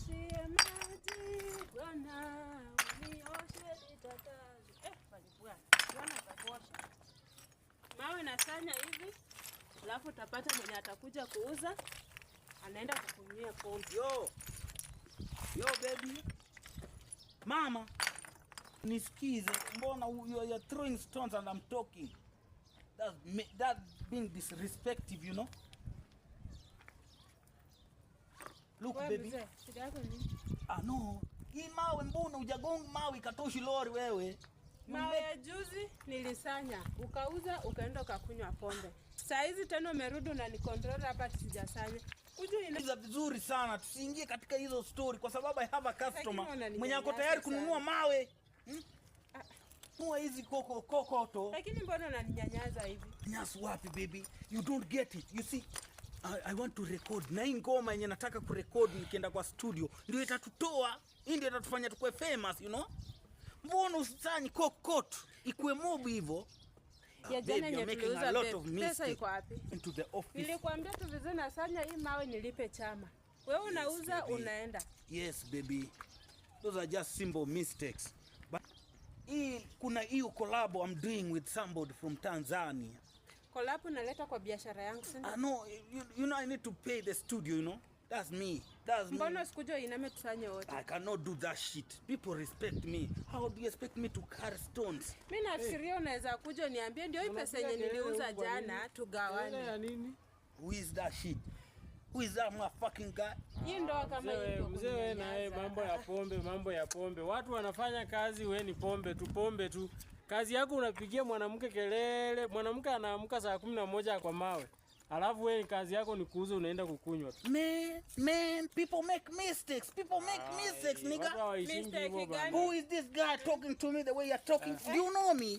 Eh, mawe nasanya hivi, alafu utapata mwenye atakuja kuuza, anaenda kukunyia pombe. Yo. Yo baby. Mama, nisikize, mbona you are throwing stones and I'm talking. That's, that's being disrespectful, you know. Look baby. Shida yako ni Ah no. Hii mawe mbona hujagonga mawe katoshi lori wewe? Mawe ya juzi nilisanya, ukauza, ukaenda ukakunywa pombe. Saa hizi tena umerudi unanikontrol hapa sijasanya. Ujue vizuri sana, tusiingie katika hizo story kwa sababu I have a customer mwenye ako tayari kununua mawe. Hmm? Ah. Mua hizi koko kokoto. Lakini mbona unaninyanyasa hivi? Nyasu wapi baby? You don't get it. You see I, want to record na hii ngoma yenye nataka kurekod nikienda kwa studio ndio itatutoa, hii ndio itatufanya tukue famous you know. Mbona usitani kokot ikue mob hivyo? ya ah, jana nye tuliuza pesa iko wapi? Into the office. Nilikwambia tu vizuri na sanya hii mawe nilipe chama. Wewe unauza yes, unaenda. Yes baby. Those are just simple mistakes. But hii kuna hiyo collab I'm doing with somebody from Tanzania collab naleta kwa biashara yangu sasa. Ah, no, you, you know I need to pay the studio, you know. That's me. That's me. Mbona sikuja iname tusanye wote? I cannot do that shit. People respect me. How do you expect me to carry stones? Mimi nafikiria hey, unaweza kuja niambie ndio hii pesa yenye niliuza jana tugawane. Ya nini? Who is that shit? Who is that motherfucking guy? Hii ndo kama hiyo. Mzee wewe na yeye mambo ya pombe, mambo ya pombe. Watu wanafanya kazi, wewe ni pombe tu, pombe tu. Kazi yako unapigia mwanamke kelele, mwanamke anaamka saa kumi na moja kwa mawe, alafu wewe kazi yako ni kuuza, unaenda kukunywa tu. Man, people make mistakes. People make mistakes, nigga. who is this guy talking to me the way you're talking? Do you know me?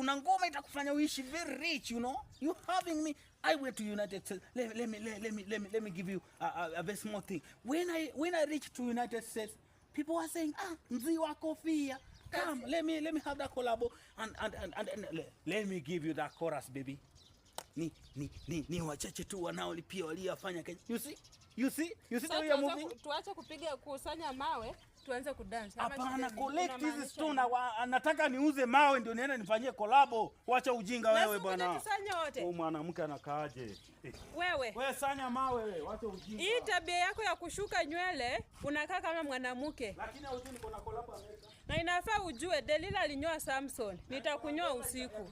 kuna ngoma itakufanya uishi very rich, you know. You having me, I went to United States. Let, let me let, let me let me let me give you a, a, a very small thing. When I when I reached to United States, people were saying, ah, mzi wa kofia. Come, let me let me have that collab and and and, and, and let, let me give you that chorus baby. Ni ni ni, ni wachache tu wanaolipia waliofanya Kenya. You see? You see? You see so, the movie? Tuache kupiga kusanya mawe tuanze kudance. Hapana, collect hizi stone. anataka niuze mawe ndio niende nifanyie kolabo. Wacha ujinga wewe bwana. Huyu mwanamke anakaaje? Eh. Wewe. Wewe sanya mawe wewe. Wacha ujinga. Hii tabia yako ya kushuka nywele unakaa kama mwanamke. Lakini hujui niko na kolabo Amerika. Na inafaa ujue Delila alinyoa Samson. Nitakunyoa usiku.